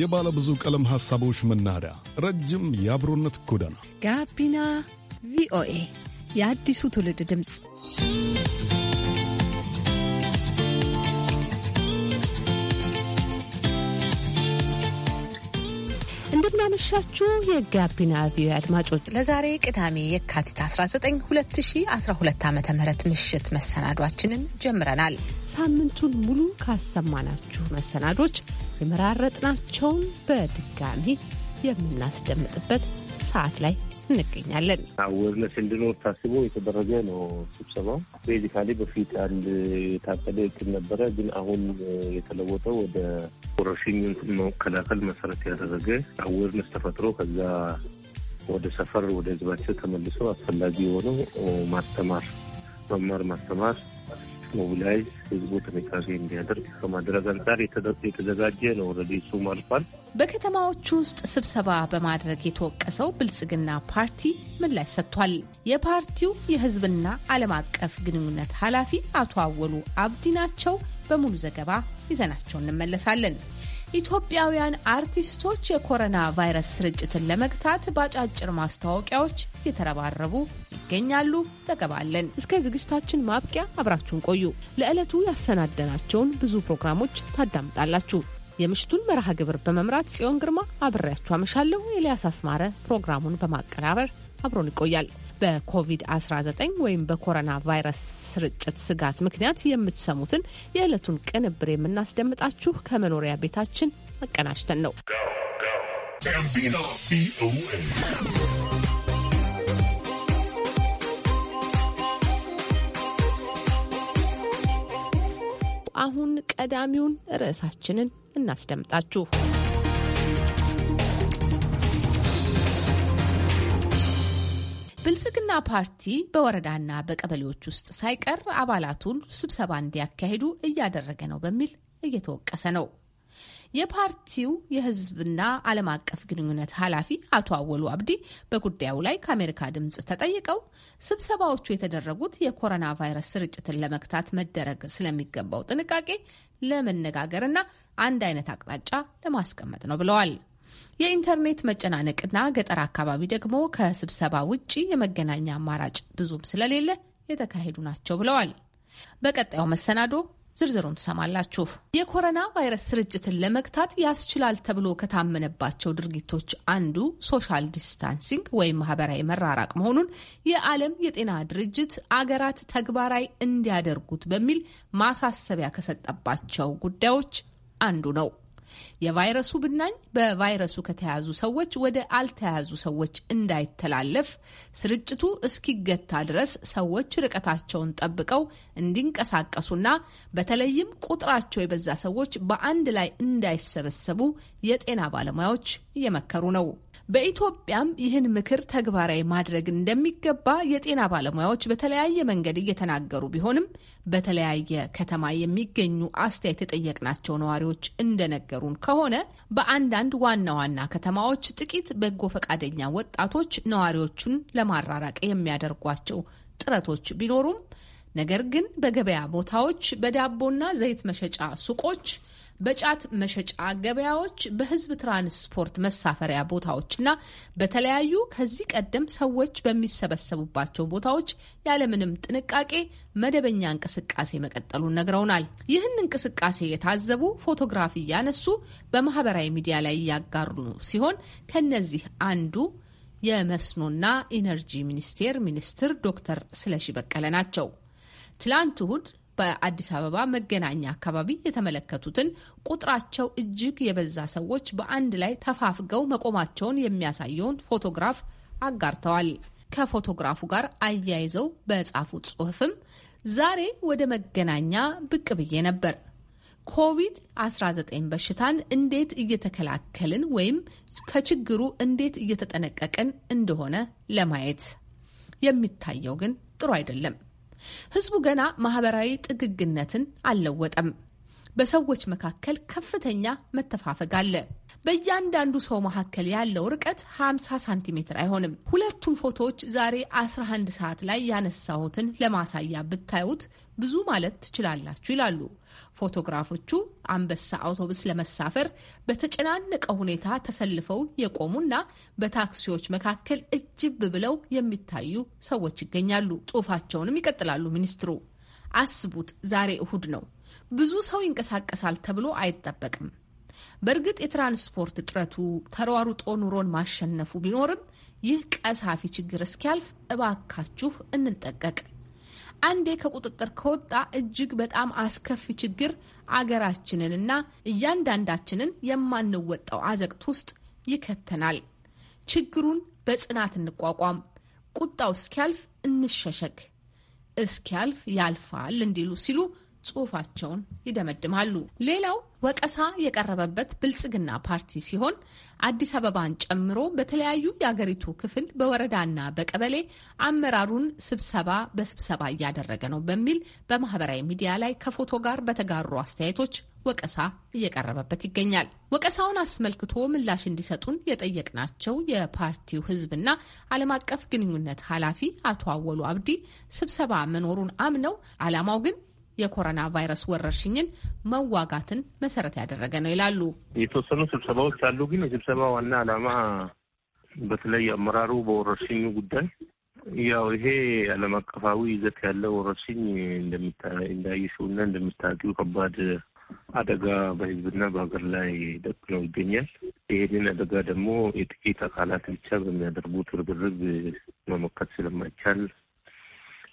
የባለ ብዙ ቀለም ሐሳቦች መናኸሪያ፣ ረጅም የአብሮነት ጎዳና ጋቢና ቪኦኤ የአዲሱ ትውልድ ድምፅ። እንደምናመሻችሁ የጋቢና ቪኦኤ አድማጮች፣ ለዛሬ ቅዳሜ የካቲት 19 2012 ዓ ም ምሽት መሰናዷችንን ጀምረናል። ሳምንቱን ሙሉ ካሰማናችሁ መሰናዶች የመራረጥናቸውን በድጋሚ የምናስደምጥበት ሰዓት ላይ እንገኛለን። አዌርነስ እንድኖር ታስቦ የተደረገ ነው ስብሰባው። ቤዚካሊ በፊት አንድ የታቀደ እቅድ ነበረ፣ ግን አሁን የተለወጠው ወደ ወረርሽኙን መከላከል መሰረት ያደረገ አዌርነስ ተፈጥሮ ከዛ ወደ ሰፈር ወደ ህዝባቸው ተመልሶ አስፈላጊ የሆነው ማስተማር መማር ማስተማር ሞቢላይዝ ህዝቡ ጥንቃቄ እንዲያደርግ ከማድረግ አንጻር የተዘጋጀ ነው። ኦልሬዲ እሱም አልፏል። በከተማዎቹ ውስጥ ስብሰባ በማድረግ የተወቀሰው ብልጽግና ፓርቲ ምላሽ ሰጥቷል። የፓርቲው የህዝብና ዓለም አቀፍ ግንኙነት ኃላፊ አቶ አወሉ አብዲ ናቸው። በሙሉ ዘገባ ይዘናቸው እንመለሳለን። ኢትዮጵያውያን አርቲስቶች የኮሮና ቫይረስ ስርጭትን ለመግታት በአጫጭር ማስታወቂያዎች እየተረባረቡ ይገኛሉ። ዘገባ አለን። እስከ ዝግጅታችን ማብቂያ አብራችሁን ቆዩ። ለዕለቱ ያሰናደናቸውን ብዙ ፕሮግራሞች ታዳምጣላችሁ። የምሽቱን መርሃ ግብር በመምራት ጽዮን ግርማ አብሬያችሁ አመሻለሁ። ኤልያስ አስማረ ፕሮግራሙን በማቀናበር አብሮን ይቆያል። በኮቪድ-19 ወይም በኮሮና ቫይረስ ስርጭት ስጋት ምክንያት የምትሰሙትን የዕለቱን ቅንብር የምናስደምጣችሁ ከመኖሪያ ቤታችን አቀናጅተን ነው። አሁን ቀዳሚውን ርዕሳችንን እናስደምጣችሁ። ብልጽግና ፓርቲ በወረዳና በቀበሌዎች ውስጥ ሳይቀር አባላቱን ስብሰባ እንዲያካሂዱ እያደረገ ነው በሚል እየተወቀሰ ነው። የፓርቲው የህዝብና ዓለም አቀፍ ግንኙነት ኃላፊ አቶ አወሉ አብዲ በጉዳዩ ላይ ከአሜሪካ ድምፅ ተጠይቀው ስብሰባዎቹ የተደረጉት የኮሮና ቫይረስ ስርጭትን ለመግታት መደረግ ስለሚገባው ጥንቃቄ ለመነጋገርና አንድ አይነት አቅጣጫ ለማስቀመጥ ነው ብለዋል። የኢንተርኔት መጨናነቅና ገጠር አካባቢ ደግሞ ከስብሰባ ውጪ የመገናኛ አማራጭ ብዙም ስለሌለ የተካሄዱ ናቸው ብለዋል። በቀጣዩ መሰናዶ ዝርዝሩን ትሰማላችሁ። የኮሮና ቫይረስ ስርጭትን ለመግታት ያስችላል ተብሎ ከታመነባቸው ድርጊቶች አንዱ ሶሻል ዲስታንሲንግ ወይም ማህበራዊ መራራቅ መሆኑን የዓለም የጤና ድርጅት አገራት ተግባራዊ እንዲያደርጉት በሚል ማሳሰቢያ ከሰጠባቸው ጉዳዮች አንዱ ነው። የቫይረሱ ብናኝ በቫይረሱ ከተያዙ ሰዎች ወደ አልተያዙ ሰዎች እንዳይተላለፍ ስርጭቱ እስኪገታ ድረስ ሰዎች ርቀታቸውን ጠብቀው እንዲንቀሳቀሱና በተለይም ቁጥራቸው የበዛ ሰዎች በአንድ ላይ እንዳይሰበሰቡ የጤና ባለሙያዎች እየመከሩ ነው። በኢትዮጵያም ይህን ምክር ተግባራዊ ማድረግ እንደሚገባ የጤና ባለሙያዎች በተለያየ መንገድ እየተናገሩ ቢሆንም በተለያየ ከተማ የሚገኙ አስተያየት የጠየቅናቸው ነዋሪዎች እንደነገሩን ከሆነ በአንዳንድ ዋና ዋና ከተማዎች ጥቂት በጎ ፈቃደኛ ወጣቶች ነዋሪዎቹን ለማራራቅ የሚያደርጓቸው ጥረቶች ቢኖሩም ነገር ግን በገበያ ቦታዎች፣ በዳቦና ዘይት መሸጫ ሱቆች በጫት መሸጫ ገበያዎች፣ በህዝብ ትራንስፖርት መሳፈሪያ ቦታዎችና በተለያዩ ከዚህ ቀደም ሰዎች በሚሰበሰቡባቸው ቦታዎች ያለምንም ጥንቃቄ መደበኛ እንቅስቃሴ መቀጠሉን ነግረውናል። ይህን እንቅስቃሴ የታዘቡ ፎቶግራፊ እያነሱ በማህበራዊ ሚዲያ ላይ እያጋሩ ሲሆን ከነዚህ አንዱ የመስኖና ኢነርጂ ሚኒስቴር ሚኒስትር ዶክተር ስለሺ በቀለ ናቸው። ትላንት እሁድ በአዲስ አበባ መገናኛ አካባቢ የተመለከቱትን ቁጥራቸው እጅግ የበዛ ሰዎች በአንድ ላይ ተፋፍገው መቆማቸውን የሚያሳየውን ፎቶግራፍ አጋርተዋል። ከፎቶግራፉ ጋር አያይዘው በጻፉት ጽሑፍም ዛሬ ወደ መገናኛ ብቅ ብዬ ነበር። ኮቪድ-19 በሽታን እንዴት እየተከላከልን ወይም ከችግሩ እንዴት እየተጠነቀቅን እንደሆነ ለማየት የሚታየው ግን ጥሩ አይደለም። ህዝቡ ገና ማህበራዊ ጥግግነትን አልለወጠም። በሰዎች መካከል ከፍተኛ መተፋፈግ አለ። በእያንዳንዱ ሰው መካከል ያለው ርቀት 50 ሳንቲሜትር አይሆንም። ሁለቱን ፎቶዎች ዛሬ 11 ሰዓት ላይ ያነሳሁትን ለማሳያ ብታዩት ብዙ ማለት ትችላላችሁ ይላሉ ፎቶግራፎቹ። አንበሳ አውቶቡስ ለመሳፈር በተጨናነቀ ሁኔታ ተሰልፈው የቆሙና በታክሲዎች መካከል እጅብ ብለው የሚታዩ ሰዎች ይገኛሉ። ጽሑፋቸውንም ይቀጥላሉ ሚኒስትሩ አስቡት ዛሬ እሁድ ነው። ብዙ ሰው ይንቀሳቀሳል ተብሎ አይጠበቅም። በእርግጥ የትራንስፖርት እጥረቱ ተሯሩጦ ኑሮን ማሸነፉ ቢኖርም ይህ ቀሳፊ ችግር እስኪያልፍ እባካችሁ እንጠቀቅ። አንዴ ከቁጥጥር ከወጣ እጅግ በጣም አስከፊ ችግር አገራችንንና እያንዳንዳችንን የማንወጣው አዘቅት ውስጥ ይከተናል። ችግሩን በጽናት እንቋቋም። ቁጣው እስኪያልፍ እንሸሸግ። እስኪያልፍ ያልፋል እንዲሉ ሲሉ ጽሑፋቸውን ይደመድማሉ። ሌላው ወቀሳ የቀረበበት ብልጽግና ፓርቲ ሲሆን አዲስ አበባን ጨምሮ በተለያዩ የአገሪቱ ክፍል በወረዳና በቀበሌ አመራሩን ስብሰባ በስብሰባ እያደረገ ነው በሚል በማህበራዊ ሚዲያ ላይ ከፎቶ ጋር በተጋሩ አስተያየቶች ወቀሳ እየቀረበበት ይገኛል። ወቀሳውን አስመልክቶ ምላሽ እንዲሰጡን የጠየቅናቸው የፓርቲው ህዝብና ዓለም አቀፍ ግንኙነት ኃላፊ አቶ አወሉ አብዲ ስብሰባ መኖሩን አምነው ዓላማው ግን የኮሮና ቫይረስ ወረርሽኝን መዋጋትን መሰረት ያደረገ ነው ይላሉ። የተወሰኑ ስብሰባዎች አሉ። ግን የስብሰባ ዋና ዓላማ በተለይ አመራሩ በወረርሽኙ ጉዳይ ያው ይሄ ዓለም አቀፋዊ ይዘት ያለው ወረርሽኝ እንዳየሽው እና እንደምታውቂው ከባድ አደጋ በህዝብና በሀገር ላይ ደቅነው ይገኛል። ይህንን አደጋ ደግሞ የጥቂት አካላት ብቻ በሚያደርጉት ርብርብ መመከት ስለማይቻል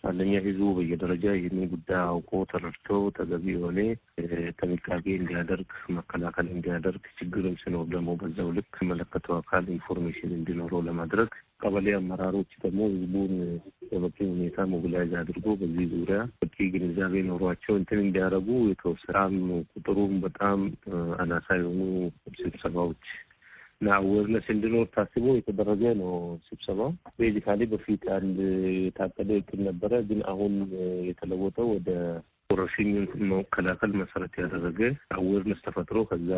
አንደኛ ህዝቡ በየደረጃ ይህንን ጉዳይ አውቆ ተረድቶ ተገቢ የሆነ ጥንቃቄ እንዲያደርግ መከላከል እንዲያደርግ ችግርም ሲኖር ደግሞ በዛው ልክ መለከተው አካል ኢንፎርሜሽን እንዲኖረው ለማድረግ ቀበሌ አመራሮች ደግሞ ህዝቡን በበቂ ሁኔታ ሞቢላይዝ አድርጎ በዚህ ዙሪያ በቂ ግንዛቤ ኖሯቸው እንትን እንዲያደረጉ የተወሰነ ቁጥሩም በጣም አናሳ የሆኑ ስብሰባዎች እና አዌርነስ እንዲኖር ታስቦ የተደረገ ነው ስብሰባው። ቤዚካሊ በፊት አንድ የታቀደ እቅድ ነበረ፣ ግን አሁን የተለወጠው ወደ ወረርሽኙን መከላከል መሰረት ያደረገ አዌርነስ ተፈጥሮ ከዛ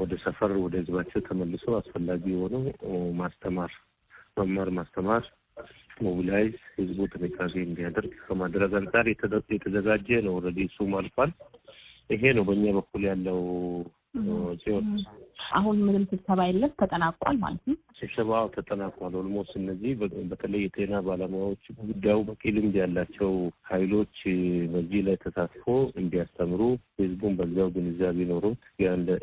ወደ ሰፈር ወደ ህዝባቸው ተመልሶ አስፈላጊ የሆነው ማስተማር፣ መማር ማስተማር፣ ሞቢላይዝ ህዝቡ ጥንቃቄ እንዲያደርግ ከማድረግ አንጻር የተዘጋጀ ነው። ኦልሬዲ እሱም አልፏል። ይሄ ነው በእኛ በኩል ያለው ሲሆን አሁን ምንም ስብሰባ የለም፣ ተጠናቋል ማለት ነው። ስብሰባ ተጠናቋል። ኦልሞስ እነዚህ በተለይ የጤና ባለሙያዎች ጉዳዩ በቂ ልምድ ያላቸው ኃይሎች በዚህ ላይ ተሳትፎ እንዲያስተምሩ ህዝቡን በዚያው ግንዛቤ ኖሮት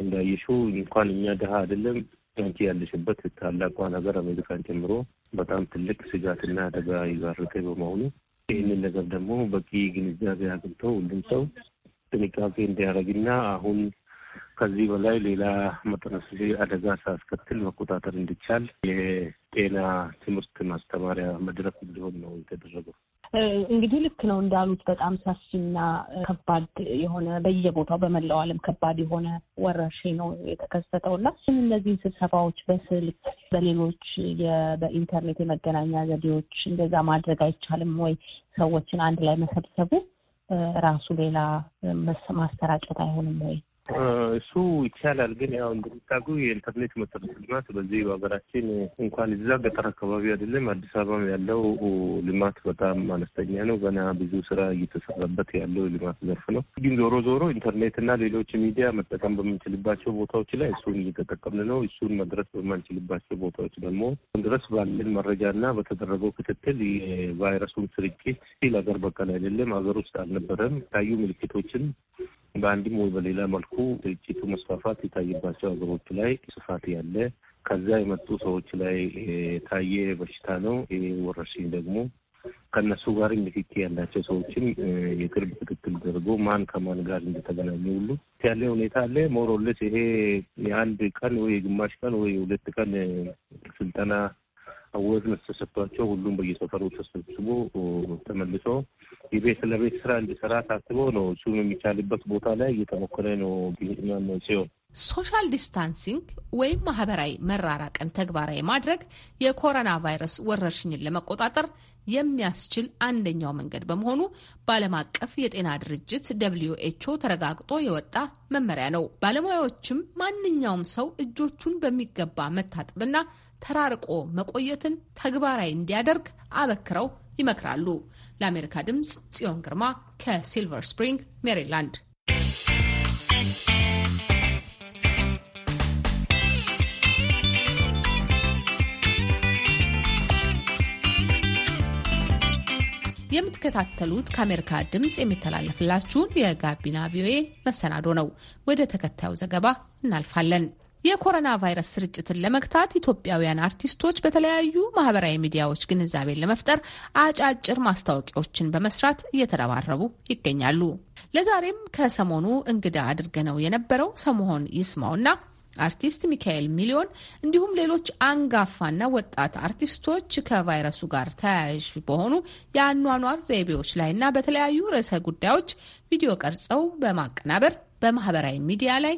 እንዳየሹ እንኳን እኛ ድሀ አይደለም አንቺ ያለሽበት ታላቋ ነገር አሜሪካን ጨምሮ በጣም ትልቅ ስጋትና አደጋ ይዛረቀ በመሆኑ ይህንን ነገር ደግሞ በቂ ግንዛቤ አግኝተው ሁሉም ሰው ጥንቃቄ እንዲያደርግና አሁን ከዚህ በላይ ሌላ መጠነ ሰፊ አደጋ ሳያስከትል መቆጣጠር እንዲቻል የጤና ትምህርት ማስተማሪያ መድረክ እንዲሆን ነው የተደረገው። እንግዲህ ልክ ነው እንዳሉት በጣም ሰፊና ከባድ የሆነ በየቦታው በመላው ዓለም ከባድ የሆነ ወረርሽኝ ነው የተከሰተው እና እነዚህን ስብሰባዎች በስልክ በሌሎች በኢንተርኔት የመገናኛ ዘዴዎች እንደዛ ማድረግ አይቻልም ወይ? ሰዎችን አንድ ላይ መሰብሰቡ ራሱ ሌላ ማሰራጨት አይሆንም ወይ? እሱ ይቻላል። ግን ያው እንደሚታጉ የኢንተርኔት መሰረተ ልማት በዚህ በሀገራችን እንኳን እዛ ገጠር አካባቢ አይደለም አዲስ አበባም ያለው ልማት በጣም አነስተኛ ነው። ገና ብዙ ስራ እየተሰራበት ያለው ልማት ዘርፍ ነው። ግን ዞሮ ዞሮ ኢንተርኔትና ሌሎች ሚዲያ መጠቀም በምንችልባቸው ቦታዎች ላይ እሱን እየተጠቀምን ነው። እሱን መድረስ በማንችልባቸው ቦታዎች ደግሞ ድረስ ባለን መረጃና በተደረገው ክትትል የቫይረሱን ስርጭት ሲል ሀገር በቀል አይደለም፣ ሀገር ውስጥ አልነበረም። ታዩ ምልክቶችን በአንድም ወይ በሌላ መልኩ ግጭቱ መስፋፋት የታየባቸው ሀገሮች ላይ ስፋት ያለ ከዛ የመጡ ሰዎች ላይ የታየ በሽታ ነው። ይህ ወረርሽኝ ደግሞ ከእነሱ ጋር ንክኪ ያላቸው ሰዎችም የቅርብ ክትትል ተደርጎ ማን ከማን ጋር እንደተገናኙ ሁሉ ያለ ሁኔታ አለ። ሞሮለስ ይሄ የአንድ ቀን ወይ የግማሽ ቀን ወይ የሁለት ቀን ስልጠና ሰዎች መብት ሁሉም በየሰፈሩ ተሰብስቦ ተመልሶ የቤት ለቤት ስራ እንዲሰራ ታስቦ ነው እሱም የሚቻልበት ቦታ ላይ እየተሞከረ ነው ሲሆን ሶሻል ዲስታንሲንግ ወይም ማህበራዊ መራራቅን ተግባራዊ ማድረግ የኮሮና ቫይረስ ወረርሽኝን ለመቆጣጠር የሚያስችል አንደኛው መንገድ በመሆኑ በዓለም አቀፍ የጤና ድርጅት ደብልዩ ኤች ኦ ተረጋግጦ የወጣ መመሪያ ነው። ባለሙያዎችም ማንኛውም ሰው እጆቹን በሚገባ መታጠብና ተራርቆ መቆየትን ተግባራዊ እንዲያደርግ አበክረው ይመክራሉ። ለአሜሪካ ድምፅ ጽዮን ግርማ ከሲልቨር ስፕሪንግ ሜሪላንድ የምትከታተሉት ከአሜሪካ ድምፅ የሚተላለፍላችሁን የጋቢና ቪኦኤ መሰናዶ ነው። ወደ ተከታዩ ዘገባ እናልፋለን። የኮሮና ቫይረስ ስርጭትን ለመግታት ኢትዮጵያውያን አርቲስቶች በተለያዩ ማህበራዊ ሚዲያዎች ግንዛቤን ለመፍጠር አጫጭር ማስታወቂያዎችን በመስራት እየተረባረቡ ይገኛሉ። ለዛሬም ከሰሞኑ እንግዳ አድርገነው የነበረው ሰሞሆን ይስማውና አርቲስት ሚካኤል ሚሊዮን እንዲሁም ሌሎች አንጋፋና ወጣት አርቲስቶች ከቫይረሱ ጋር ተያያዥ በሆኑ የአኗኗር ዘይቤዎች ላይና በተለያዩ ርዕሰ ጉዳዮች ቪዲዮ ቀርጸው በማቀናበር በማህበራዊ ሚዲያ ላይ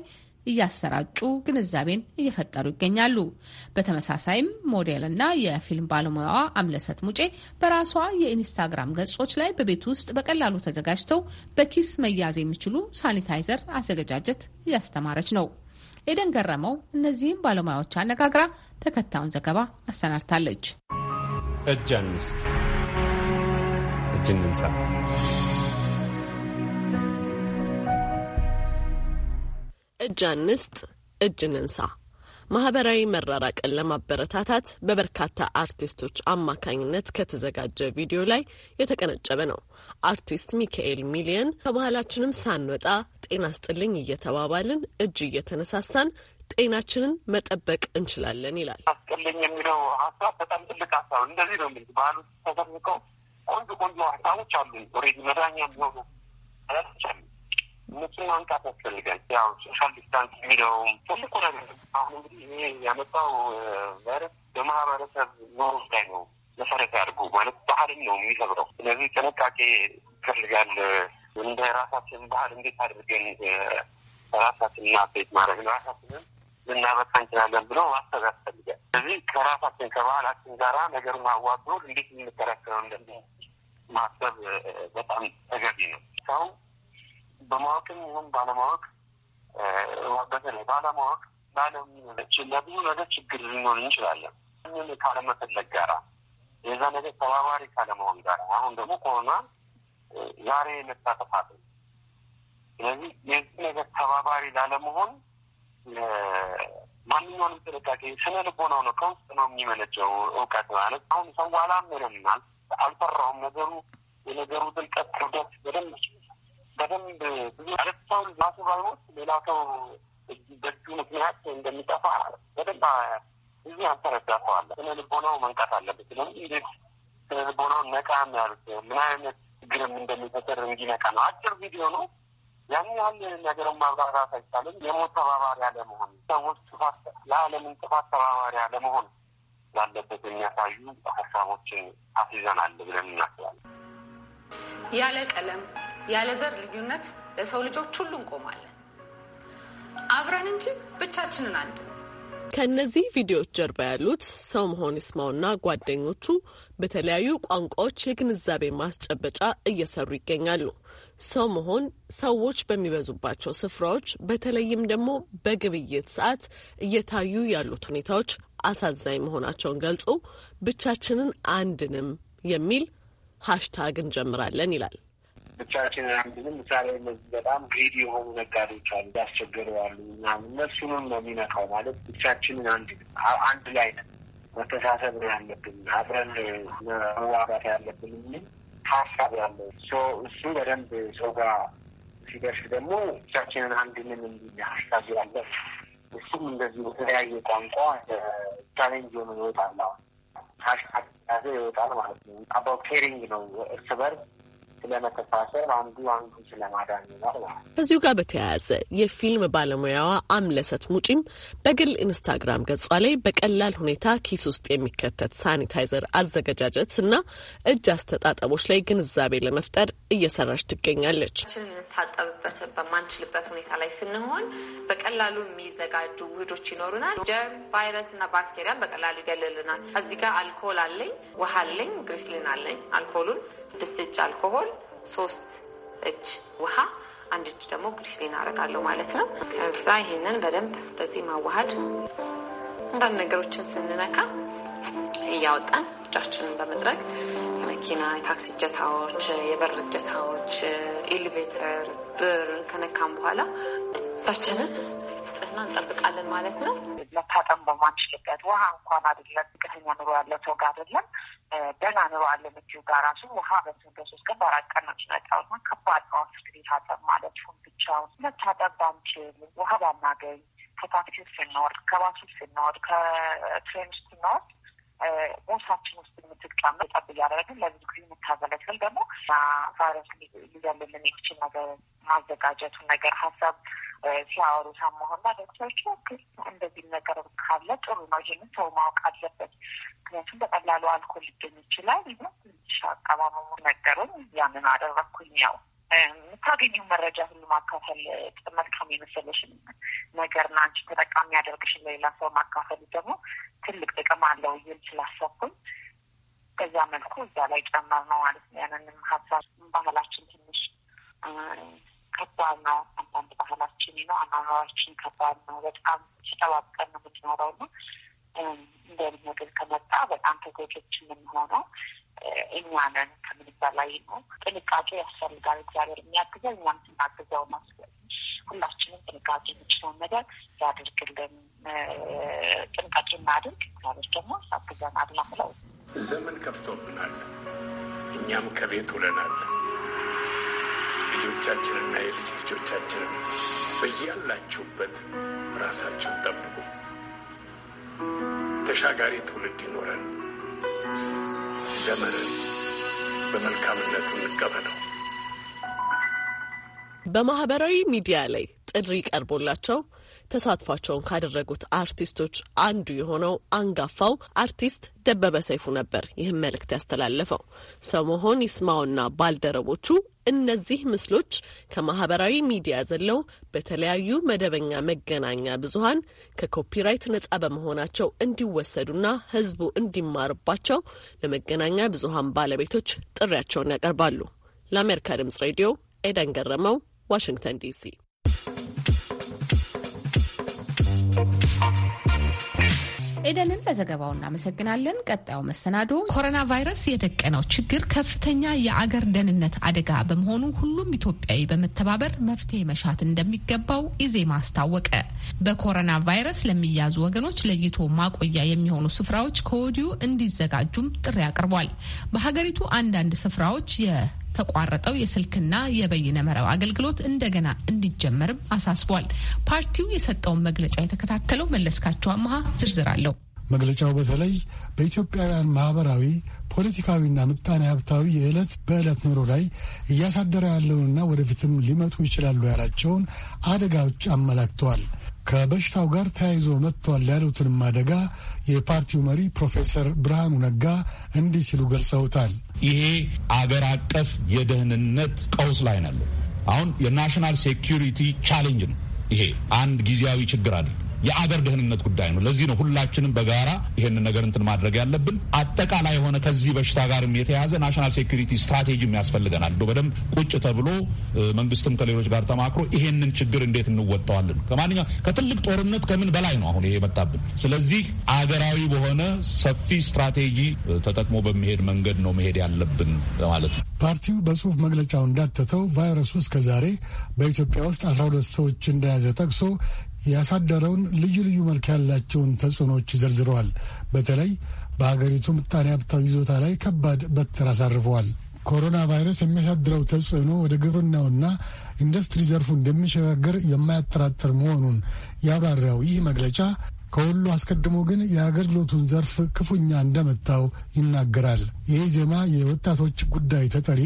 እያሰራጩ ግንዛቤን እየፈጠሩ ይገኛሉ። በተመሳሳይም ሞዴልና የፊልም ባለሙያዋ አምለሰት ሙጬ በራሷ የኢንስታግራም ገጾች ላይ በቤት ውስጥ በቀላሉ ተዘጋጅተው በኪስ መያዝ የሚችሉ ሳኒታይዘር አዘገጃጀት እያስተማረች ነው። ኤደን ገረመው እነዚህም ባለሙያዎች አነጋግራ ተከታዩን ዘገባ አሰናድታለች። እጅ አንስት፣ እጅ እንንሳ። እጅ አንስት፣ እጅ እንንሳ ማህበራዊ መራራቅን ለማበረታታት በበርካታ አርቲስቶች አማካኝነት ከተዘጋጀ ቪዲዮ ላይ የተቀነጨበ ነው። አርቲስት ሚካኤል ሚሊየን ከባህላችንም ሳንወጣ ጤና ስጥልኝ እየተባባልን እጅ እየተነሳሳን ጤናችንን መጠበቅ እንችላለን ይላል። ስጥልኝ የሚለው ሀሳብ በጣም ትልቅ ሀሳብ እንደዚህ ነው። ባህል ውስጥ ተሰንቀው ቆንጆ ቆንጆ ሀሳቦች አሉ። ኦልሬዲ መዳኛ የሚሆኑ ሀሳቦች አሉ። እነሱን ማምጣት ያስፈልጋል። ያው ሶሻል ዲስታንስ የሚለውም ትልቁ ነገር አሁን እንግዲህ ይሄ ያመጣው ቫይረስ በማህበረሰብ ኖሮ ላይ ነው መሰረት ያድርጉ ማለት ባህልን ነው የሚሰብረው። ስለዚህ ጥንቃቄ ይፈልጋል። እንደ ራሳችን ባህል እንዴት አድርገን ራሳችን ናቤት ማለት ራሳችንን ልናበቃ እንችላለን ብሎ ማሰብ ያስፈልጋል። ስለዚህ ከራሳችን ከባህላችን ጋራ ነገሩን አዋዶ እንዴት የምንከላከለው እንደሚ ማሰብ በጣም ተገቢ ነው። በማወቅም ይሁን ባለማወቅ በተለይ ባለማወቅ ባለሚኖች ለብዙ ነገር ችግር ልንሆን እንችላለን። ምን ካለመፈለግ ጋራ የዛ ነገር ተባባሪ ካለመሆን ጋራ አሁን ደግሞ ኮሮና ዛሬ የመጣ ስለዚህ የዚህ ነገር ተባባሪ ላለመሆን ማንኛውንም ጥንቃቄ ስነ ልቦናው ነው ከውስጥ ነው የሚመነጨው እውቀት ማለት አሁን ሰው አላመነም አልፈራውም ነገሩ የነገሩ ጥልቀት ክብደት በደንብ በደንብ ብዙ ረሳውን ራሱ ባይሞት ሌላ ሰው በእጁ ምክንያት እንደሚጠፋ በደንብ ብዙ ያልተረዳ ስነ ልቦናው መንቀት አለበት። ስለዚህ እንዴት ስነ ልቦናውን ነቃም ያሉት ምን አይነት ችግርም እንደሚፈጠር እንዲነቃ ነው። አጭር ቪዲዮ ነው። ያን ያህል ነገርን ማብራራት አይቻልም። የሞት ተባባሪ አለመሆን፣ ሰዎች ጥፋት ለዓለምን ጥፋት ተባባሪ አለመሆን ያለበት የሚያሳዩ ሀሳቦችን አስይዘናል ብለን እናስባለን። ያለ ቀለም ያለ ዘር ልዩነት ለሰው ልጆች ሁሉ እንቆማለን። አብረን እንጂ ብቻችንን አንድ ከእነዚህ ቪዲዮዎች ጀርባ ያሉት ሰው መሆን ይስማውና ጓደኞቹ በተለያዩ ቋንቋዎች የግንዛቤ ማስጨበጫ እየሰሩ ይገኛሉ። ሰው መሆን ሰዎች በሚበዙባቸው ስፍራዎች በተለይም ደግሞ በግብይት ሰዓት እየታዩ ያሉት ሁኔታዎች አሳዛኝ መሆናቸውን ገልጾ ብቻችንን አንድንም የሚል ሀሽታግ እንጀምራለን ይላል። ብቻችን አንድንም ምሳሌ እነዚህ በጣም ግሪድ የሆኑ ነጋዴዎች አሉ፣ ያስቸገሩ አሉ። እና እነሱንም ነው የሚነካው ማለት ብቻችንን አንድ አንድ ላይ ነን መተሳሰብ ነው ያለብን፣ አብረን መዋጋት ያለብን የሚል ሀሳብ ያለው እሱ በደንብ ሰው ጋር ሲደርስ ደግሞ ብቻችንን አንድንን እንዲል ሀሳብ ያለው እሱም እንደዚህ በተለያየ ቋንቋ ቻሌንጅ የሆኑ ይወጣል። አሁን ሀሽታግ ያዘ ይወጣል ማለት ነው። አባው ኬሪንግ ነው እርስ በርስ ስለመተሳሰር አንዱ አንዱ ስለማዳን ማለት ነው። ከዚሁ ጋር በተያያዘ የፊልም ባለሙያዋ አምለሰት ሙጪም በግል ኢንስታግራም ገጿ ላይ በቀላል ሁኔታ ኪስ ውስጥ የሚከተት ሳኒታይዘር አዘገጃጀት እና እጅ አስተጣጠቦች ላይ ግንዛቤ ለመፍጠር እየሰራች ትገኛለች። ታጠብበት በማንችልበት ሁኔታ ላይ ስንሆን በቀላሉ የሚዘጋጁ ውህዶች ይኖሩናል። ጀርም፣ ቫይረስ እና ባክቴሪያን በቀላሉ ይገልልናል። ከዚህ ጋር አልኮል አለኝ፣ ውሃ አለኝ፣ ግሪስሊን አለኝ። አልኮሉን ስድስት እጅ አልኮሆል፣ ሶስት እጅ ውሃ፣ አንድ እጅ ደግሞ ግሊሰሪን አደርጋለሁ ማለት ነው። ከዛ ይህንን በደንብ በዚህ ማዋሃድ አንዳንድ ነገሮችን ስንነካ እያወጣን እጃችንን በመጥረግ የመኪና የታክሲ እጀታዎች፣ የበር እጀታዎች፣ ኤሌቬተር ብር ከነካም በኋላ እጃችንን ንጽህና እንጠብቃለን ማለት ነው። መታጠም በማንችልበት ውሃ እንኳን አይደለም ዝቅተኛ ኑሮ ያለ ሰው ጋር አይደለም ደህና ኑሮ አለ ምግብ ጋር ራሱ ውሃ በሶስት ቀን በአራት ቀን ነው ሲመጣው እና ከባድ ነው። ሆስፒታል ታጠም ማለት ሁን ብቻውን መታጠም ባንችል ውሃ ባናገኝ ከታክሲ ስንወርድ፣ ከባሱ ስንወርድ፣ ከትሬን ውስጥ ስንወርድ ቦርሳችን ውስጥ የምትቀመጥ ጠብ እያደረግን ለብዙ ጊዜ የምታገለግል ደግሞ ቫይረስ ሊገልልን የሚችል ነገር ማዘጋጀቱን ነገር ሀሳብ ሲያወሩ ሳመሆና ዶክተሮች ክስ እንደዚህ ነገር ካለ ጥሩ ነው፣ ይህንን ሰው ማወቅ አለበት። ምክንያቱም በቀላሉ አልኮል ሊገኝ ይችላል። ይሁን ትንሽ አቀማመሙ ነገሩን ያንን አደረግኩኝ። ያው የምታገኘው መረጃ ሁሉ ማካፈል መልካም የመሰለሽን ነገር ና አንቺ ተጠቃሚ ያደርግሽን ለሌላ ሰው ማካፈል ደግሞ ትልቅ ጥቅም አለው ይል ስላሰብኩኝ በዛ መልኩ እዛ ላይ ጨመር ነው ማለት ነው። ያንንም ሀሳብ ባህላችን ትንሽ ከባድ ነው ባህላችን ነው፣ አኗኗራችን ከባድ ነው። በጣም ተጠባብቀን ነው የምትኖረው ነው እንደ ምግብ ከመጣ በጣም ተጎጆች የምንሆነው እኛ ነን ከምንም በላይ ነው። ጥንቃቄ ያስፈልጋል። እግዚአብሔር የሚያግዘው እኛም ስናግዘው ነው። ሁላችንም ጥንቃቄ የምችለውን ነገር ያድርግልን። ጥንቃቄ እናድርግ፣ እግዚአብሔር ደግሞ ያግዘናል። ላምለው ዘመን ከፍቶብናል። እኛም ከቤት ውለናል። ልጆቻችንና የልጅ ልጆቻችንን በያላችሁበት ራሳችሁን ጠብቁ። ተሻጋሪ ትውልድ ይኖረን። ዘመንን በመልካምነቱ እንቀበለው። በማህበራዊ ሚዲያ ላይ ጥሪ ቀርቦላቸው ተሳትፏቸውን ካደረጉት አርቲስቶች አንዱ የሆነው አንጋፋው አርቲስት ደበበ ሰይፉ ነበር ይህም መልእክት ያስተላለፈው። ሰሞሆን ይስማውና ባልደረቦቹ እነዚህ ምስሎች ከማህበራዊ ሚዲያ ዘለው በተለያዩ መደበኛ መገናኛ ብዙሀን ከኮፒራይት ነጻ በመሆናቸው እንዲወሰዱና ህዝቡ እንዲማርባቸው ለመገናኛ ብዙሀን ባለቤቶች ጥሪያቸውን ያቀርባሉ። ለአሜሪካ ድምጽ ሬዲዮ ኤደን ገረመው፣ ዋሽንግተን ዲሲ ኤደንን ለዘገባው እናመሰግናለን። ቀጣዩ መሰናዶ ኮሮና ቫይረስ የደቀነው ችግር ከፍተኛ የአገር ደህንነት አደጋ በመሆኑ ሁሉም ኢትዮጵያዊ በመተባበር መፍትሄ መሻት እንደሚገባው ኢዜማ አስታወቀ። በኮሮና ቫይረስ ለሚያዙ ወገኖች ለይቶ ማቆያ የሚሆኑ ስፍራዎች ከወዲሁ እንዲዘጋጁም ጥሪ አቅርቧል። በሀገሪቱ አንዳንድ ስፍራዎች የ ተቋረጠው የስልክና የበይነ መረብ አገልግሎት እንደገና እንዲጀመርም አሳስቧል። ፓርቲው የሰጠውን መግለጫ የተከታተለው መለስካቸው አመሃ ዝርዝር አለው። መግለጫው በተለይ በኢትዮጵያውያን ማህበራዊ፣ ፖለቲካዊና ምጣኔ ሀብታዊ የዕለት በዕለት ኑሮ ላይ እያሳደረ ያለውንና ወደፊትም ሊመጡ ይችላሉ ያላቸውን አደጋዎች አመላክተዋል። ከበሽታው ጋር ተያይዞ መጥቷል ያሉትንም አደጋ የፓርቲው መሪ ፕሮፌሰር ብርሃኑ ነጋ እንዲህ ሲሉ ገልጸውታል። ይሄ አገር አቀፍ የደህንነት ቀውስ ላይ ነው። አሁን የናሽናል ሴኪሪቲ ቻሌንጅ ነው። ይሄ አንድ ጊዜያዊ ችግር አይደለም። የአገር ደህንነት ጉዳይ ነው። ለዚህ ነው ሁላችንም በጋራ ይሄንን ነገር እንትን ማድረግ ያለብን። አጠቃላይ የሆነ ከዚህ በሽታ ጋርም የተያዘ ናሽናል ሴኩሪቲ ስትራቴጂም ያስፈልገናል። ዶ በደንብ ቁጭ ተብሎ መንግስትም ከሌሎች ጋር ተማክሮ ይሄንን ችግር እንዴት እንወጣዋለን። ከማንኛውም ከትልቅ ጦርነት ከምን በላይ ነው አሁን ይሄ የመጣብን። ስለዚህ አገራዊ በሆነ ሰፊ ስትራቴጂ ተጠቅሞ በሚሄድ መንገድ ነው መሄድ ያለብን ማለት ነው። ፓርቲው በጽሁፍ መግለጫው እንዳተተው ቫይረሱ እስከ ዛሬ በኢትዮጵያ ውስጥ ሁለት ሰዎች እንደያዘ ጠቅሶ ያሳደረውን ልዩ ልዩ መልክ ያላቸውን ተጽዕኖዎች ዘርዝረዋል። በተለይ በሀገሪቱ ምጣኔ ሀብታዊ ይዞታ ላይ ከባድ በትር አሳርፈዋል። ኮሮና ቫይረስ የሚያሳድረው ተጽዕኖ ወደ ግብርናውና ኢንዱስትሪ ዘርፉ እንደሚሸጋገር የማያጠራጥር መሆኑን ያብራራው ይህ መግለጫ ከሁሉ አስቀድሞ ግን የአገልግሎቱን ዘርፍ ክፉኛ እንደመታው ይናገራል። ዜማ የወጣቶች ጉዳይ ተጠሪ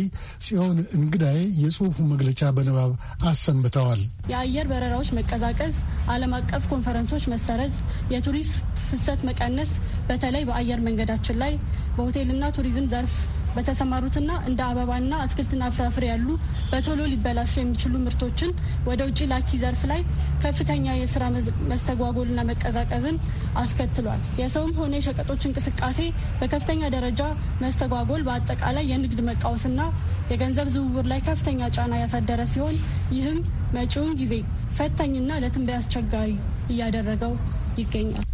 ሲሆን እንግዳይ የጽሁፉ መግለጫ በንባብ አሰንብተዋል። የአየር በረራዎች መቀዛቀዝ፣ ዓለም አቀፍ ኮንፈረንሶች መሰረዝ፣ የቱሪስት ፍሰት መቀነስ፣ በተለይ በአየር መንገዳችን ላይ በሆቴልና ቱሪዝም ዘርፍ በተሰማሩትና እንደ አበባና አትክልትና ፍራፍሬ ያሉ በቶሎ ሊበላሹ የሚችሉ ምርቶችን ወደ ውጭ ላኪ ዘርፍ ላይ ከፍተኛ የስራ መስተጓጎልና መቀዛቀዝን አስከትሏል። የሰውም ሆነ የሸቀጦች እንቅስቃሴ በከፍተኛ ደረጃ መስተጓጎል በአጠቃላይ የንግድ መቃወስና የገንዘብ ዝውውር ላይ ከፍተኛ ጫና ያሳደረ ሲሆን ይህም መጪውን ጊዜ ፈታኝና ለትንበያ አስቸጋሪ እያደረገው ይገኛል።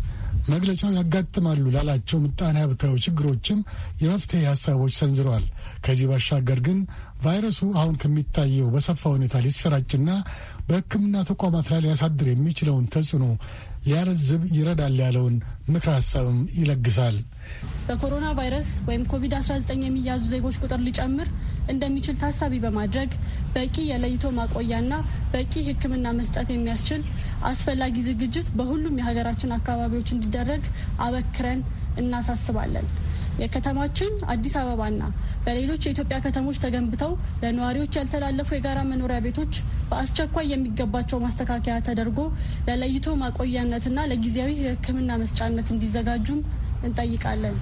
መግለጫው ያጋጥማሉ ላላቸው ምጣኔ ሀብታዊ ችግሮችም የመፍትሄ ሀሳቦች ሰንዝረዋል። ከዚህ ባሻገር ግን ቫይረሱ አሁን ከሚታየው በሰፋ ሁኔታ ሊሰራጭና በሕክምና ተቋማት ላይ ሊያሳድር የሚችለውን ተጽዕኖ ሊያረዝብ ይረዳል ያለውን ምክር ሀሳብም ይለግሳል። በኮሮና ቫይረስ ወይም ኮቪድ-19 የሚያዙ ዜጎች ቁጥር ሊጨምር እንደሚችል ታሳቢ በማድረግ በቂ የለይቶ ማቆያና በቂ ሕክምና መስጠት የሚያስችል አስፈላጊ ዝግጅት በሁሉም የሀገራችን አካባቢዎች እንዲደረግ አበክረን እናሳስባለን። የከተማችን አዲስ አበባና በሌሎች የኢትዮጵያ ከተሞች ተገንብተው ለነዋሪዎች ያልተላለፉ የጋራ መኖሪያ ቤቶች በአስቸኳይ የሚገባቸው ማስተካከያ ተደርጎ ለለይቶ ማቆያነትና ለጊዜያዊ የሕክምና መስጫነት እንዲዘጋጁም እንጠይቃለን።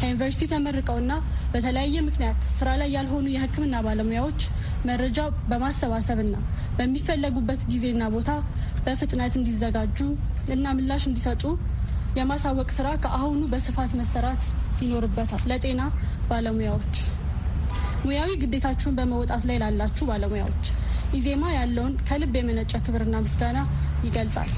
ከዩኒቨርሲቲ ተመርቀውና በተለያየ ምክንያት ስራ ላይ ያልሆኑ የህክምና ባለሙያዎች መረጃ በማሰባሰብና በሚፈለጉበት ጊዜና ቦታ በፍጥነት እንዲዘጋጁ እና ምላሽ እንዲሰጡ የማሳወቅ ስራ ከአሁኑ በስፋት መሰራት ይኖርበታል። ለጤና ባለሙያዎች ሙያዊ ግዴታችሁን በመወጣት ላይ ላላችሁ ባለሙያዎች ኢዜማ ያለውን ከልብ የመነጨ ክብርና ምስጋና ይገልጻል።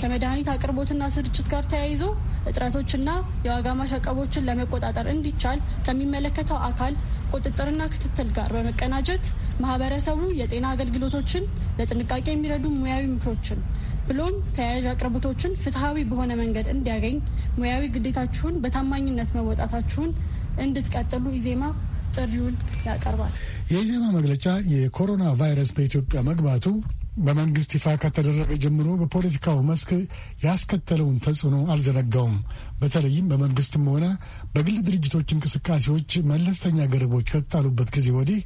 ከመድኃኒት አቅርቦትና ስርጭት ጋር ተያይዞ እጥረቶችና የዋጋ ማሻቀቦችን ለመቆጣጠር እንዲቻል ከሚመለከተው አካል ቁጥጥርና ክትትል ጋር በመቀናጀት ማህበረሰቡ የጤና አገልግሎቶችን ለጥንቃቄ የሚረዱ ሙያዊ ምክሮችን ብሎም ተያያዥ አቅርቦቶችን ፍትሐዊ በሆነ መንገድ እንዲያገኝ ሙያዊ ግዴታችሁን በታማኝነት መወጣታችሁን እንድትቀጥሉ ኢዜማ ጥሪውን ያቀርባል። የኢዜማ መግለጫ የኮሮና ቫይረስ በኢትዮጵያ መግባቱ በመንግስት ይፋ ከተደረገ ጀምሮ በፖለቲካው መስክ ያስከተለውን ተጽዕኖ አልዘነጋውም። በተለይም በመንግስትም ሆነ በግል ድርጅቶች እንቅስቃሴዎች መለስተኛ ገደቦች ከተጣሉበት ጊዜ ወዲህ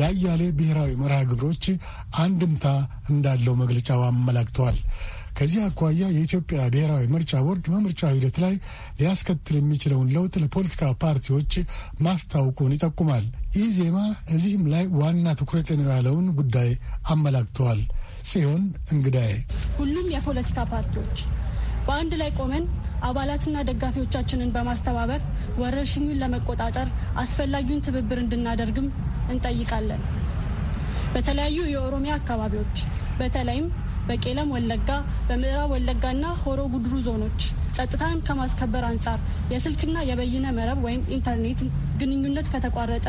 ለአያሌ ብሔራዊ መርሃ ግብሮች አንድምታ እንዳለው መግለጫው አመላክተዋል። ከዚህ አኳያ የኢትዮጵያ ብሔራዊ ምርጫ ቦርድ በምርጫ ሂደት ላይ ሊያስከትል የሚችለውን ለውጥ ለፖለቲካ ፓርቲዎች ማስታወቁን ይጠቁማል። ይህ ዜማ እዚህም ላይ ዋና ትኩረት ነው ያለውን ጉዳይ አመላክተዋል። ሲሆን እንግዳዬ ሁሉም የፖለቲካ ፓርቲዎች በአንድ ላይ ቆመን አባላትና ደጋፊዎቻችንን በማስተባበር ወረርሽኙን ለመቆጣጠር አስፈላጊውን ትብብር እንድናደርግም እንጠይቃለን። በተለያዩ የኦሮሚያ አካባቢዎች በተለይም በቄለም ወለጋ፣ በምዕራብ ወለጋና ሆሮ ጉድሩ ዞኖች ጸጥታን ከማስከበር አንጻር የስልክና የበይነ መረብ ወይም ኢንተርኔት ግንኙነት ከተቋረጠ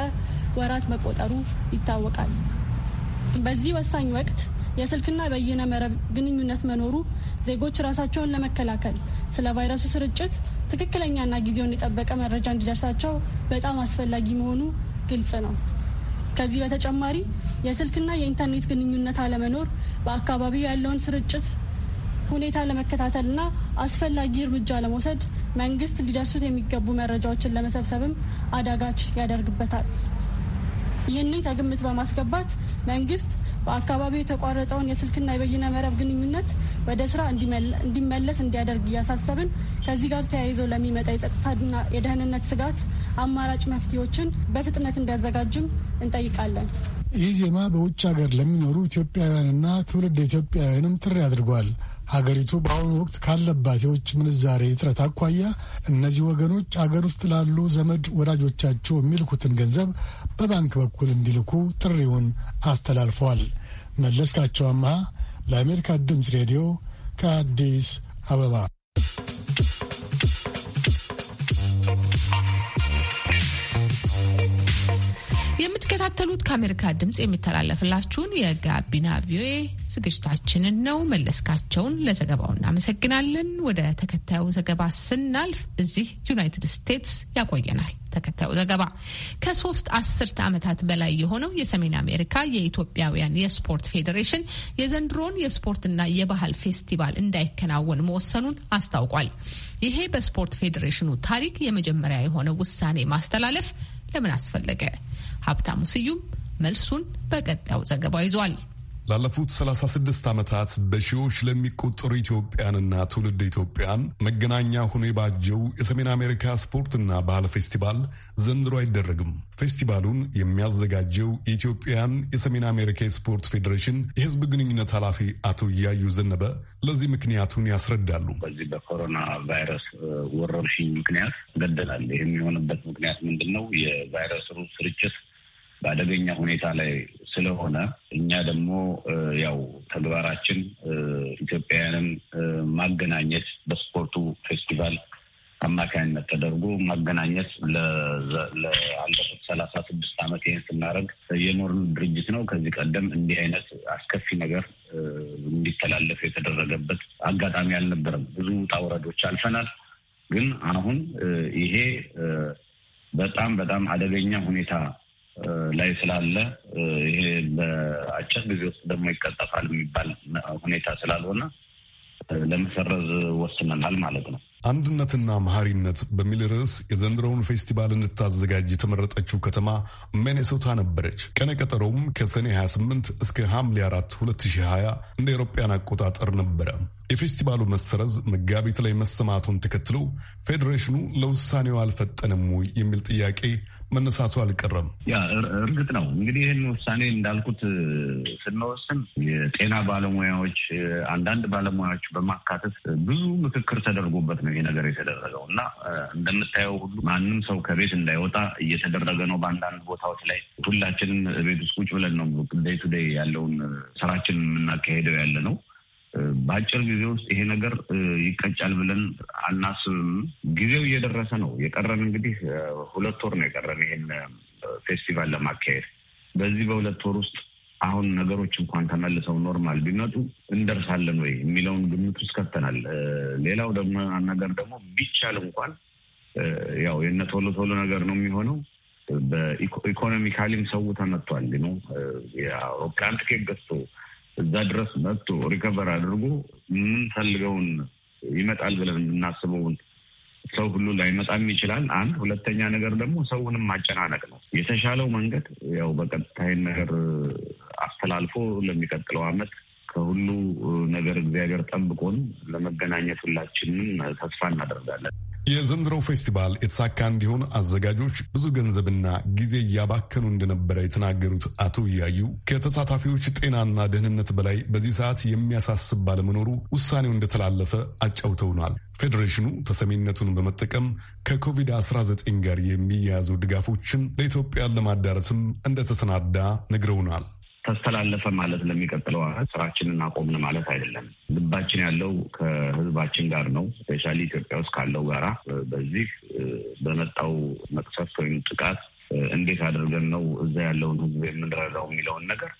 ወራት መቆጠሩ ይታወቃል። በዚህ ወሳኝ ወቅት የስልክና በይነ መረብ ግንኙነት መኖሩ ዜጎች ራሳቸውን ለመከላከል ስለ ቫይረሱ ስርጭት ትክክለኛና ጊዜውን የጠበቀ መረጃ እንዲደርሳቸው በጣም አስፈላጊ መሆኑ ግልጽ ነው። ከዚህ በተጨማሪ የስልክና የኢንተርኔት ግንኙነት አለመኖር በአካባቢው ያለውን ስርጭት ሁኔታ ለመከታተልና አስፈላጊ እርምጃ ለመውሰድ መንግስት ሊደርሱት የሚገቡ መረጃዎችን ለመሰብሰብም አዳጋች ያደርግበታል። ይህንን ከግምት በማስገባት መንግስት በአካባቢው የተቋረጠውን የስልክና የበይነ መረብ ግንኙነት ወደ ስራ እንዲመለስ እንዲያደርግ እያሳሰብን ከዚህ ጋር ተያይዞ ለሚመጣ የጸጥታና የደህንነት ስጋት አማራጭ መፍትሄዎችን በፍጥነት እንዲያዘጋጅም እንጠይቃለን። ይህ ዜማ በውጭ ሀገር ለሚኖሩ ኢትዮጵያውያንና ትውልድ ኢትዮጵያውያንም ጥሪ አድርጓል። ሀገሪቱ በአሁኑ ወቅት ካለባት የውጭ ምንዛሬ እጥረት አኳያ እነዚህ ወገኖች አገር ውስጥ ላሉ ዘመድ ወዳጆቻቸው የሚልኩትን ገንዘብ በባንክ በኩል እንዲልኩ ጥሪውን አስተላልፈዋል። መለስካቸው አማሃ ለአሜሪካ ድምፅ ሬዲዮ ከአዲስ አበባ የምትከታተሉት ከአሜሪካ ድምፅ የሚተላለፍላችሁን የጋቢና ቪኦኤ ዝግጅታችንን ነው። መለስካቸውን ለዘገባው እናመሰግናለን። ወደ ተከታዩ ዘገባ ስናልፍ እዚህ ዩናይትድ ስቴትስ ያቆየናል። ተከታዩ ዘገባ ከሶስት አስርተ ዓመታት በላይ የሆነው የሰሜን አሜሪካ የኢትዮጵያውያን የስፖርት ፌዴሬሽን የዘንድሮን የስፖርትና የባህል ፌስቲቫል እንዳይከናወን መወሰኑን አስታውቋል። ይሄ በስፖርት ፌዴሬሽኑ ታሪክ የመጀመሪያ የሆነ ውሳኔ ማስተላለፍ ለምን አስፈለገ? ሀብታሙ ስዩም መልሱን በቀጣዩ ዘገባው ይዟል። ላለፉት 36 ዓመታት በሺዎች ለሚቆጠሩ ኢትዮጵያንና ትውልድ ኢትዮጵያን መገናኛ ሆኖ የባጀው የሰሜን አሜሪካ ስፖርትና ባህል ፌስቲቫል ዘንድሮ አይደረግም። ፌስቲቫሉን የሚያዘጋጀው የኢትዮጵያን የሰሜን አሜሪካ የስፖርት ፌዴሬሽን የሕዝብ ግንኙነት ኃላፊ አቶ እያዩ ዘነበ ለዚህ ምክንያቱን ያስረዳሉ። በዚህ በኮሮና ቫይረስ ወረርሽኝ ምክንያት ገደላል። ይህም የሚሆንበት ምክንያት ምንድን ነው? የቫይረሱ ስርጭት በአደገኛ ሁኔታ ላይ ስለሆነ እኛ ደግሞ ያው ተግባራችን ኢትዮጵያውያንን ማገናኘት በስፖርቱ ፌስቲቫል አማካኝነት ተደርጎ ማገናኘት ለአለፉት ሰላሳ ስድስት ዓመት ይህን ስናደርግ የኖርን ድርጅት ነው። ከዚህ ቀደም እንዲህ አይነት አስከፊ ነገር እንዲተላለፍ የተደረገበት አጋጣሚ አልነበረም። ብዙ ውጣ ውረዶች አልፈናል። ግን አሁን ይሄ በጣም በጣም አደገኛ ሁኔታ ላይ ስላለ ይሄ በአጭር ጊዜ ውስጥ ደግሞ ይቀጠፋል የሚባል ሁኔታ ስላልሆነ ለመሰረዝ ወስነናል ማለት ነው። አንድነትና መሐሪነት በሚል ርዕስ የዘንድሮውን ፌስቲቫል እንድታዘጋጅ የተመረጠችው ከተማ ሚኔሶታ ነበረች። ቀነቀጠሮውም ከሰኔ 28 እስከ ሐምሌ 4 2020 እንደ አውሮፓውያን አቆጣጠር ነበረ። የፌስቲቫሉ መሰረዝ መጋቢት ላይ መሰማቱን ተከትሎ ፌዴሬሽኑ ለውሳኔው አልፈጠንም ወይ የሚል ጥያቄ መነሳቱ አልቀረም። ያ እርግጥ ነው እንግዲህ ይህን ውሳኔ እንዳልኩት ስንወስን የጤና ባለሙያዎች አንዳንድ ባለሙያዎች በማካተት ብዙ ምክክር ተደርጎበት ነው ይሄ ነገር የተደረገው እና እንደምታየው ሁሉ ማንም ሰው ከቤት እንዳይወጣ እየተደረገ ነው። በአንዳንድ ቦታዎች ላይ ሁላችንም ቤት ውስጥ ቁጭ ብለን ነው ዴይ ቱ ዴይ ያለውን ስራችን የምናካሄደው ያለ ነው። በአጭር ጊዜ ውስጥ ይሄ ነገር ይቀጫል ብለን አናስብም። ጊዜው እየደረሰ ነው። የቀረን እንግዲህ ሁለት ወር ነው የቀረን ይሄን ፌስቲቫል ለማካሄድ። በዚህ በሁለት ወር ውስጥ አሁን ነገሮች እንኳን ተመልሰው ኖርማል ቢመጡ እንደርሳለን ወይ የሚለውን ግምት ውስጥ ከፍተናል። ሌላው ደግሞ ነገር ደግሞ ቢቻል እንኳን ያው የነ ቶሎ ቶሎ ነገር ነው የሚሆነው። በኢኮኖሚካሊም ሰው ተመቷል ነው የአውሮፕላን ትኬት ገዝቶ እዛ ድረስ መጥቶ ሪከቨር አድርጎ የምንፈልገውን ይመጣል ብለን የምናስበውን ሰው ሁሉ ላይመጣም ይችላል። አንድ ሁለተኛ ነገር ደግሞ ሰውንም ማጨናነቅ ነው። የተሻለው መንገድ ያው በቀጥታይን ነገር አስተላልፎ ለሚቀጥለው አመት ። ከሁሉ ነገር እግዚአብሔር ጠብቆን ለመገናኘት ሁላችንም ተስፋ እናደርጋለን። የዘንድሮ ፌስቲቫል የተሳካ እንዲሆን አዘጋጆች ብዙ ገንዘብና ጊዜ እያባከኑ እንደነበረ የተናገሩት አቶ እያዩ ከተሳታፊዎች ጤናና ደህንነት በላይ በዚህ ሰዓት የሚያሳስብ ባለመኖሩ ውሳኔው እንደተላለፈ አጫውተውናል። ፌዴሬሽኑ ተሰሚነቱን በመጠቀም ከኮቪድ-19 ጋር የሚያያዙ ድጋፎችን ለኢትዮጵያን ለማዳረስም እንደተሰናዳ ነግረውናል። ተስተላለፈ ማለት ለሚቀጥለው ዓመት ስራችንን አቆምን ማለት አይደለም። ልባችን ያለው ከህዝባችን ጋር ነው። ስፔሻሊ ኢትዮጵያ ውስጥ ካለው ጋራ በዚህ በመጣው መቅሰፍት ወይም ጥቃት እንዴት አድርገን ነው እዛ ያለውን ህዝብ የምንረዳው የሚለውን ነገር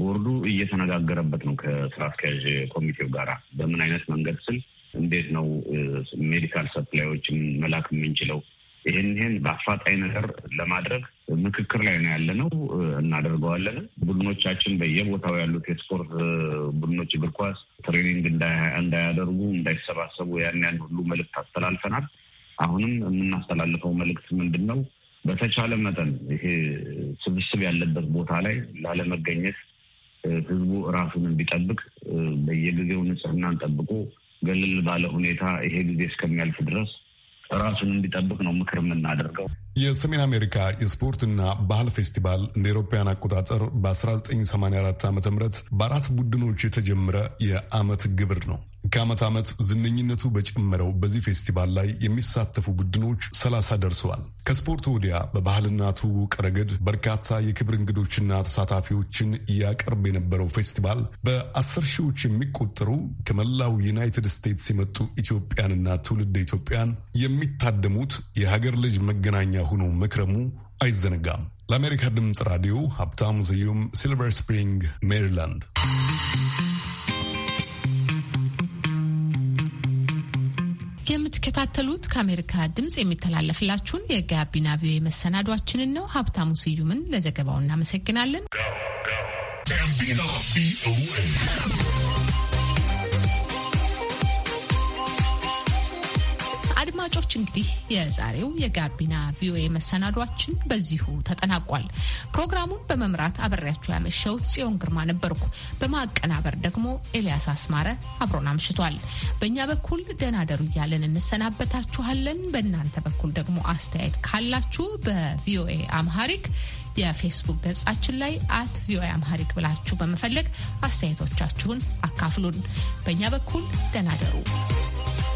ቦርዱ እየተነጋገረበት ነው ከስራ አስኪያጅ ኮሚቴው ጋራ በምን አይነት መንገድ ስል እንዴት ነው ሜዲካል ሰፕላዮችን መላክ የምንችለው ይህን ይህን በአፋጣኝ ነገር ለማድረግ ምክክር ላይ ነው ያለ ነው። እናደርገዋለን። ቡድኖቻችን በየቦታው ያሉት የስፖርት ቡድኖች እግር ኳስ ትሬኒንግ እንዳያደርጉ፣ እንዳይሰባሰቡ ያን ያን ሁሉ መልእክት አስተላልፈናል። አሁንም የምናስተላልፈው መልእክት ምንድን ነው? በተቻለ መጠን ይሄ ስብስብ ያለበት ቦታ ላይ ላለመገኘት ህዝቡ እራሱን እንዲጠብቅ በየጊዜው ንጽህናን ጠብቆ ገለል ባለ ሁኔታ ይሄ ጊዜ እስከሚያልፍ ድረስ ራሱን እንዲጠብቅ ነው ምክር የምናደርገው። የሰሜን አሜሪካ የስፖርትና ባህል ፌስቲቫል እንደ ኤሮፓያን አቆጣጠር በ1984 ዓ ም በአራት ቡድኖች የተጀመረ የአመት ግብር ነው። ከዓመት ዓመት ዝነኝነቱ በጨመረው በዚህ ፌስቲቫል ላይ የሚሳተፉ ቡድኖች ሰላሳ ደርሰዋል። ከስፖርቱ ወዲያ በባህልና ትውውቅ ረገድ በርካታ የክብር እንግዶችና ተሳታፊዎችን እያቀርብ የነበረው ፌስቲቫል በአስር ሺዎች የሚቆጠሩ ከመላው ዩናይትድ ስቴትስ የመጡ ኢትዮጵያንና ትውልድ ኢትዮጵያን የሚታደሙት የሀገር ልጅ መገናኛ ሆኖ መክረሙ አይዘነጋም። ለአሜሪካ ድምፅ ራዲዮ ሀብታሙ ስዩም ሲልቨር ስፕሪንግ ሜሪላንድ የምትከታተሉት ከአሜሪካ ድምጽ የሚተላለፍላችሁን የጋቢና ቪኦኤ መሰናዷችንን ነው። ሀብታሙ ስዩምን ለዘገባው እናመሰግናለን። አድማጮች እንግዲህ የዛሬው የጋቢና ቪኦኤ መሰናዷችን በዚሁ ተጠናቋል። ፕሮግራሙን በመምራት አበሬያችሁ ያመሸው ጽዮን ግርማ ነበርኩ። በማቀናበር ደግሞ ኤልያስ አስማረ አብሮን አምሽቷል። በእኛ በኩል ደህና ደሩ እያለን እንሰናበታችኋለን። በእናንተ በኩል ደግሞ አስተያየት ካላችሁ በቪኦኤ አምሃሪክ የፌስቡክ ገጻችን ላይ አት ቪኦኤ አምሃሪክ ብላችሁ በመፈለግ አስተያየቶቻችሁን አካፍሉን። በእኛ በኩል ደህና ደሩ።